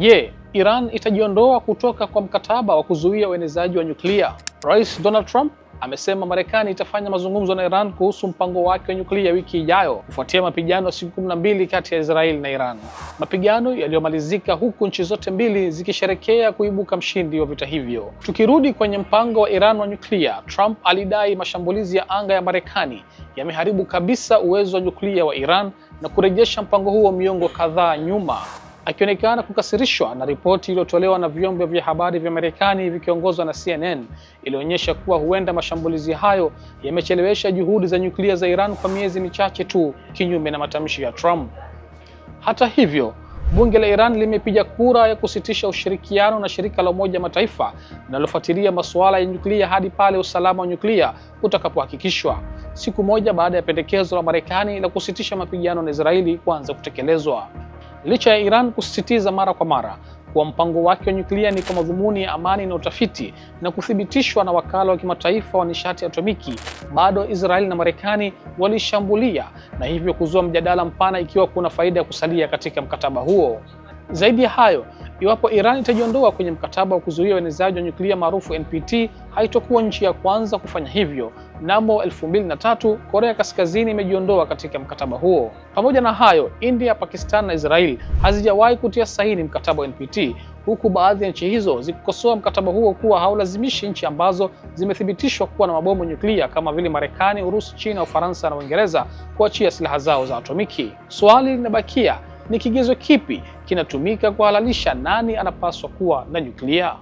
Je, Iran itajiondoa kutoka kwa mkataba wa kuzuia uenezaji wa nyuklia? Rais Donald Trump amesema Marekani itafanya mazungumzo na Iran kuhusu mpango wake wa nyuklia wiki ijayo kufuatia mapigano ya siku 12 kati ya Israeli na Iran, mapigano yaliyomalizika huku nchi zote mbili zikisherekea kuibuka mshindi wa vita hivyo. Tukirudi kwenye mpango wa Iran wa nyuklia, Trump alidai mashambulizi ya anga ya Marekani yameharibu kabisa uwezo wa nyuklia wa Iran na kurejesha mpango huo miongo kadhaa nyuma akionekana kukasirishwa na ripoti iliyotolewa na vyombo vya habari vya Marekani vikiongozwa na CNN ilionyesha kuwa huenda mashambulizi hayo yamechelewesha juhudi za nyuklia za Iran kwa miezi michache tu, kinyume na matamshi ya Trump. Hata hivyo, bunge la Iran limepiga kura ya kusitisha ushirikiano na shirika la Umoja Mataifa linalofuatilia masuala ya nyuklia hadi pale usalama wa nyuklia utakapohakikishwa, siku moja baada ya pendekezo la Marekani la kusitisha mapigano na Israeli kuanza kutekelezwa licha ya Iran kusisitiza mara kwa mara kuwa mpango wake wa nyuklia ni kwa madhumuni ya amani na utafiti na kuthibitishwa na wakala wa kimataifa wa nishati atomiki, bado Israeli na Marekani walishambulia na hivyo kuzua mjadala mpana ikiwa kuna faida ya kusalia katika mkataba huo. Zaidi ya hayo, iwapo Iran itajiondoa kwenye mkataba wa kuzuia uenezaji wa nyuklia maarufu NPT, haitakuwa nchi ya kwanza kufanya hivyo. Mnamo 2003 Korea Kaskazini imejiondoa katika mkataba huo. Pamoja na hayo, India, Pakistan na Israel hazijawahi kutia saini mkataba wa NPT, huku baadhi ya nchi hizo zikikosoa mkataba huo kuwa haulazimishi nchi ambazo zimethibitishwa kuwa na mabomu nyuklia kama vile Marekani, Urusi, China, Ufaransa na Uingereza kuachia silaha zao za atomiki. Swali linabakia ni kigezo kipi kinatumika kuhalalisha nani anapaswa kuwa na nyuklia?